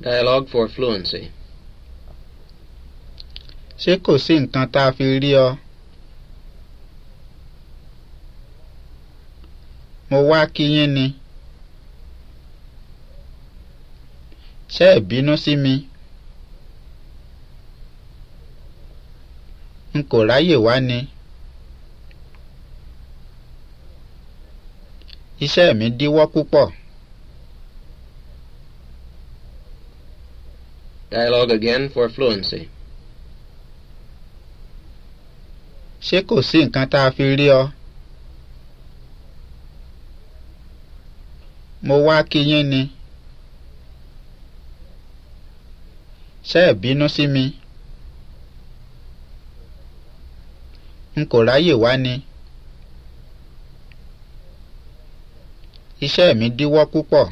Dialogue for fluency. Ṣé kò sí nǹkan tá a fi rí ọ? Mo wá kí yín ni. Ṣé ẹ bínú sí mi? N kò ráyè wá ni. Iṣẹ́ mi díwọ́ púpọ̀. Dialogue again for fluency. Ṣé kò sí nǹkan tá a fi rí ọ? Mo wá kí yín ni. Ṣé ẹ bínú sí mi? N kò ráyè wá ni. Iṣẹ́ mi díwọ́ púpọ̀.